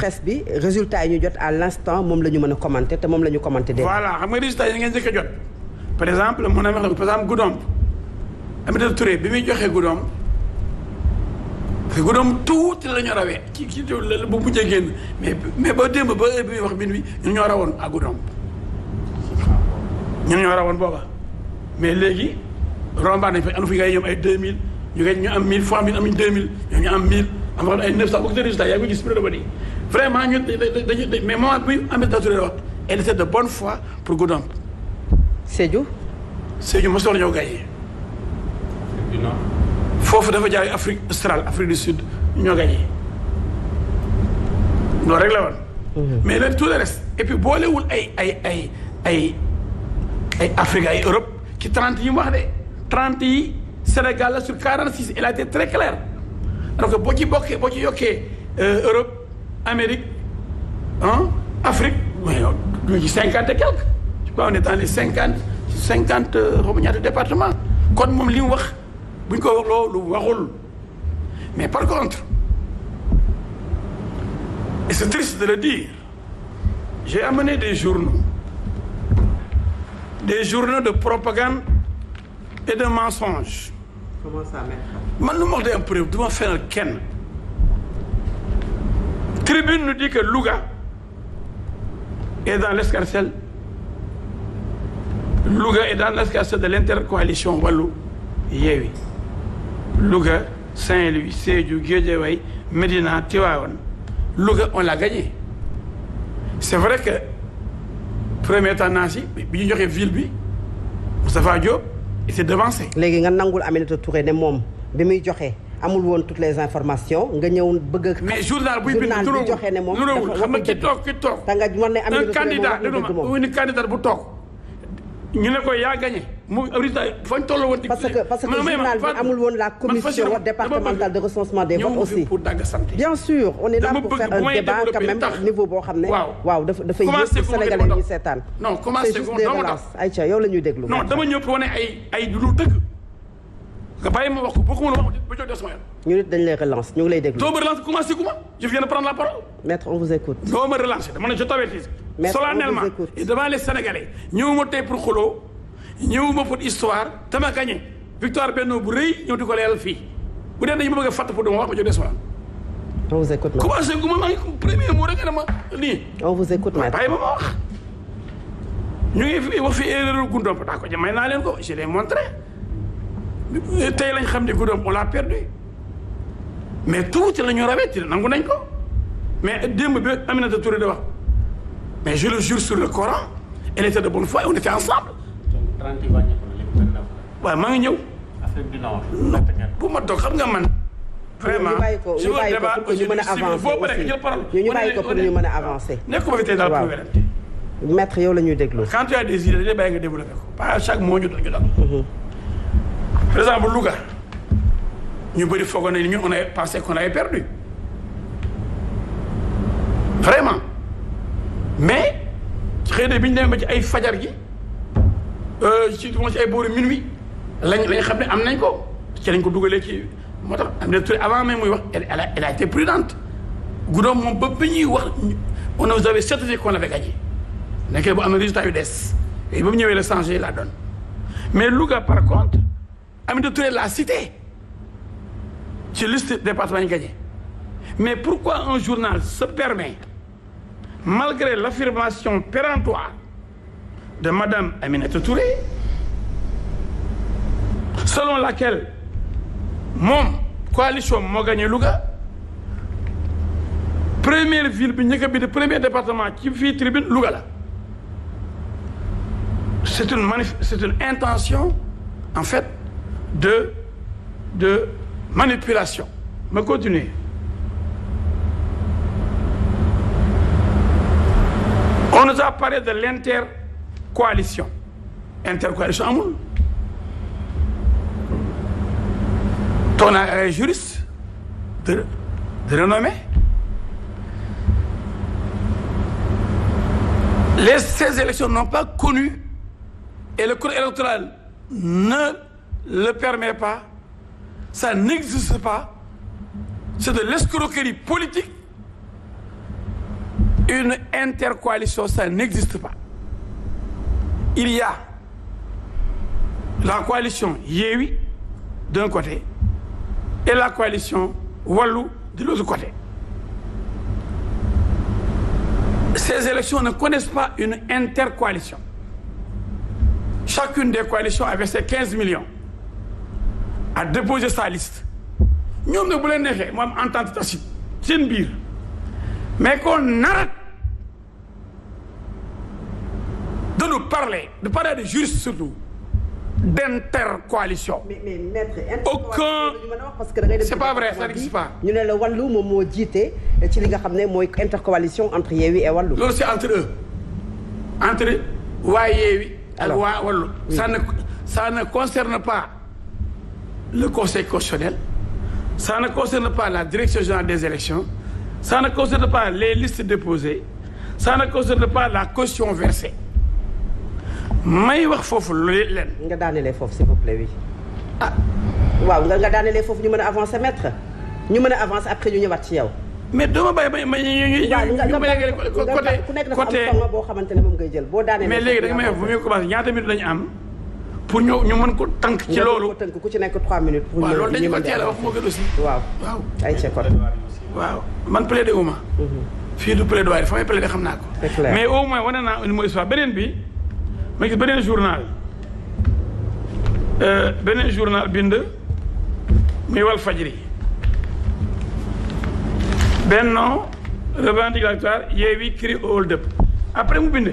presse bi résultat yi ñu jot à l' instant moom la ñu mën a commenté te moom la ñu commenté. dégg voilà xam nga résultat yi ngeen njëkk a jot par exemple mu ne ma par exemple Goudomp Aminata Touré bi muy joxee Goudomp te Goudomp tuuti la ñu ci ci bu mujjee génn mais mais ba démb ba wax min wi ñun ñoo rawoon à Goudomp ñun booba mais léegi rombaan nañ fa am fi ngay ñoom ay 2000 ñu ngi ñu am 1000 fois 1000 am 1000 am ay 900 bokk résultat yaa ngi ko gis bi la ba nii vraiment ñun dañuy mais moment bi Aminata Touré wax elle était de bonne foi pour Goudomp. Sédhiou. Sédhiou mosul woon ñëw gagné. foofu dafa jaay Afrique australe Afrique du Sud ñoo gagné loolu rek la woon. Mhm. mais léegi tout le reste et puis boolewul ay ay ay ay ay Afrique ay Europe ci trente yi mu wax de trente yi Sénégal la sur quarante six il a été très clair alors que boo ci bokkee boo ci yokkee euh, Europe. Amérique ah Afrique mais yow euh, cinquante et quelque je les cinquante cinquante euh, xaw ma ñaata département kon moom li wax bu ñu ko wax waxul mais par contre et c'est triste de le dire j'ai amené des journaux des journaux de propagande et de mensonge. comment ça man lu ma wax day am preuve du kenn. Tribune nous dit que Louga est dans l'escarcelle. Louga est dans l'escarcelle de l'intercoalition Wallou Yewwi. Louga, Saint-Louis, Sédhiou, Guédiawaye, Médina, Tivaouane. Louga, on l'a gagné. C'est vrai que première tendance yi bi ñu joxee ville bi Moustapha Diop était devancé. léegi nga nangul Aminata Touré ne moom bi muy joxe. amul woon toutes les informations nga ñëw bëgg ki toog ki toog. da nga war moom wax toog. ñu ne parce que parce que journal bi amul woon la commission départementale de recensement des votes aussi. bien sûr on est pour faire un débat niveau boo xam ne. waaw dafa dafa yëg Sénégalais yi seetaan. non commencé ko non yow la déglu. non dama ñëw pour wane ay ay dëgg. nga bàyyi ma wax ko boo des ma ñu nit dañ lay relance ñu ngi lay déglu. doo ma relance commencé ku ma je viens de la parole. maître on vous écoute. doo ma relance dama ne je t'avertis. maître solennellement devant les sénégalais. ñëwuma tey pour xuloo ñëwuma pour histoire dama victoire benno bu rëy ñëw di ko leeral fii bu dee dañu bëgg a fàtt pour dama wax ma jox des ma. on vous écoute ma maa ma ma wax. ñu ngi fi wax fi erreur gundoom daa ko may naa ko tey lañ xam ne guddoom on l'a perdu mais tuuti la ñu rawee ci nangu nañ ko mais démb bi Aminata Touré da wax mais je le jure sur le Coran elle était de bonne foi on était ensemble. waaw maa ngi ñëw. Afrique du Nord. bu ma toog xam nga man. vraiment je veux débat pour ñu mën a avancer aussi ñu bàyyi ko pour ñu mën a avancer. nekkuma fi tey daal problème. maître yow la ñuy déglu. quand tu as des idées dañuy bàyyi nga développé ko pas chaque mot ñu doon ñu doon. par exemple Louga ñu bëri foogoon nañu on a pensé qu'on avait perdu vraiment mais xëy na bi ñu demee ba ci ay fajar gi euh, ci ci ay boori minuit lañ lañ xam ne am nañ ko ci lañ ko dugalee ci moo tax am na avant même muy wax elle a elle a été prudente guddoom moom ba bi ñuy wax on nous avait certifié qu'on avait gagné nekkee bu am na résultat yu des et ba mu ñëwee la changé la donne mais Louga par contre. Aminata Touré l'a cité ci liste département yi gagné mais pourquoi un journal se permet malgré l'affirmation péremptoire de madame Aminata Touré selon laquelle moom coalition moo gagné Louga première ville bi njëkk bi de premier département ci fii tribune Louga la c'est une manif c'est une intention en fait de de manipulation ma continuer on nous a parlé de l'intercoalition intercoalition amul toog naa ay euh, juriste de renommée les ces élections n'ont pas connu et le code électoral ne le permet pas, ça n'existe pas, c'est de l'escroquerie politique. Une intercoalition, ça n'existe pas. Il y a la coalition Yéwi d'un côté et la coalition Wallou de l'autre côté. Ces élections ne connaissent pas une intercoalition. Chacune des coalitions avait ses millions. a déposé sa liste ñoom nag bu leen neexee mu am entente tacite seen biir mais ko arrête de nous parler de parler de juristes surtout d'intercoalition. mais mais maître aucun c'est pas vrai ça n'existe pas. ne la wàllu moom moo jiite ci li nga xam ne mooy intercoalition entre Yewwi et wàllu. loolu c'est entre eux entre waa Yewwi. ak waa ne concerne pas. le conseil constitutionnel ça ne concerne pas la direction générale des élections ça ne concerne pas les listes déposées ça ne concerne pas la caution versée may wax foofu lu leen. nga daanelee foofu s'il vous plaît oui. ah. ah waaw nga nga daanelee foofu ñu mën a avancer maître ñu mën a avancer après ñu ñëwaat ci yow. mais doo ma bàyyi ma ñu ñu ñu côté côté ku nekk dafa boo xamante moom ngay jël boo daanee. mais léegi da may wax bu muy commencé ñaata pour ñu ñu mën ko tënk ci loolu. ko tënk ku ci nekk 3 minutes. pour ñu ko teel wax moo gën aussi. waaw waaw ay ci man plaider uma mhm. fii du plaidoyer fa may plaider xam naa ko. mais au moins wane naa une histoire beneen bi ma gis beneen journal euh, beneen journal bind muy wal fajri Benno revendicatoire Yewwi crie au hold-up après mu bind.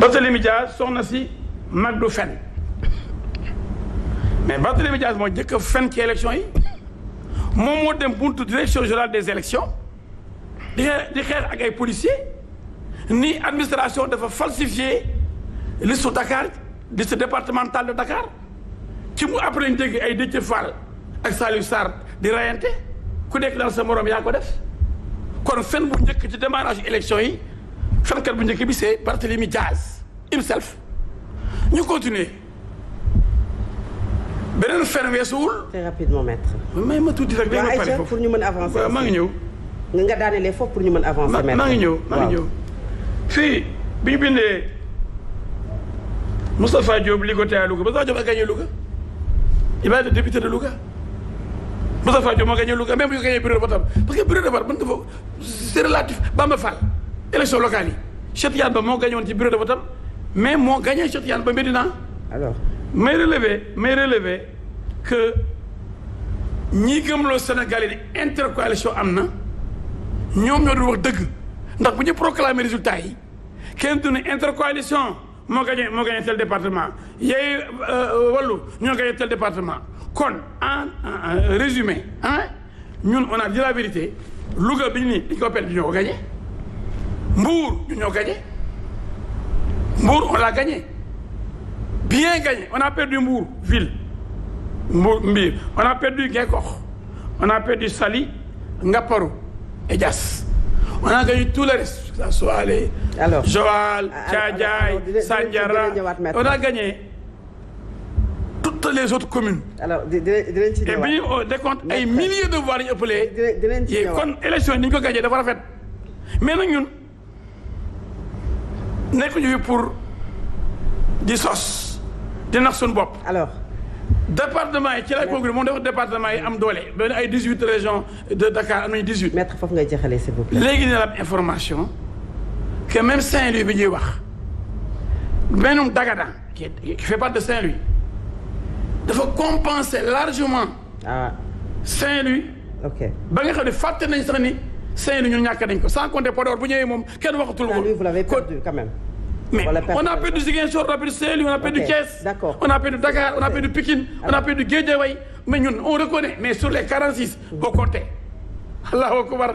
Barthélemy Dias soxna si mag du fen mais Barthélemy Dias moo njëkk a fen ci élection yi moom moo dem buntu direction générale des élections di xeex di xeex ak ay policiers ni administration dafa falsifier liste Dakar liste départementale de Dakar ci mu après ñu dégg ay Déthié Fall ak Saliou Sarr di rayante ku nekk daal sa moroom yaa ko def kon fen bu njëkk ci démarrage élection yi fenkat bu njëkk bi c'est Barthélemy Diaz himself ñu continuer beneen fen weesuwul. très rapidement maître. may ma tuuti rek. waaw ayca pour ñu mën avancer waaw maa ngi ñëw. nga daanelee foofu pour ñu mën avancer. maître maa ngi ñëw maa ngi ñëw. fii bi ñu bindee Moustapha Diop li ko tee à Louga Moustapha Diop a gagné Louga il va moo gagné Louga même bu ñu gagné bureau de vote parce que bureau de vote mën nga fa relatif Bamba Fall. élection locale yi Cheikh Tidiane Ba moo gagné woon ci bureau de vote mais moo gagné Cheikh Tidiane Ba Medina. alors may relever may relever que ñi gëmloo Sénégal yi ne intercoalition am na ñoom ñoo du wax dëgg ndax bu ñu proclamer résultat yi kenn du ne intercoalition moo gagné moo gagné tel département yey euh, wallu ñoo gagné tel département kon en résumé ah ñun on a dit la vérité Louga bi ñu ni dañ ko perdre ñoo ko gagné Mbour ñu ñoo gagné Mbour on l'a bien gagné on perdu Mbour ville Mbour Mbir on a perdu Guingox on a perdu Saly Ngaparou et Diass on a tout le reste que ça soit les alors Joal Thiadiaye Sandiara on a gagné toutes les autres communes. ci et milliers de voix la ñu ëppalee. dinañ ci ñëwaat kon élection yi ni ko gagné dafa rafet mais nag ñun. nekkuñu fi pour di sos di nax suñu bopp. alors département yi ci laay conclure moom dafa département yi am doole benn ay dix huit régions de Dakar am nañu dix huit. maître foofu ngay jeexalee s'il vous plaît. léegi ne la information que même Saint-Louis bi ñuy wax benn Dagadan qui fait partie de Saint-Louis dafa compenser largement. ah Saint-Louis. ok ba nga xam ne fàtte nañ sax Saint ñun ñàkk nañ ko sans compter Podor bu ñëwee moom kenn waxatul ko. Ah, vous l'avez mais on a perdu Ziguinchor on a perdu Saint-Louis on a perdu Dakar on a perdu Pikine on a perdu Guédiawaye mais ñun on reconnaît mais sur les 46. boo compter allahu akbar.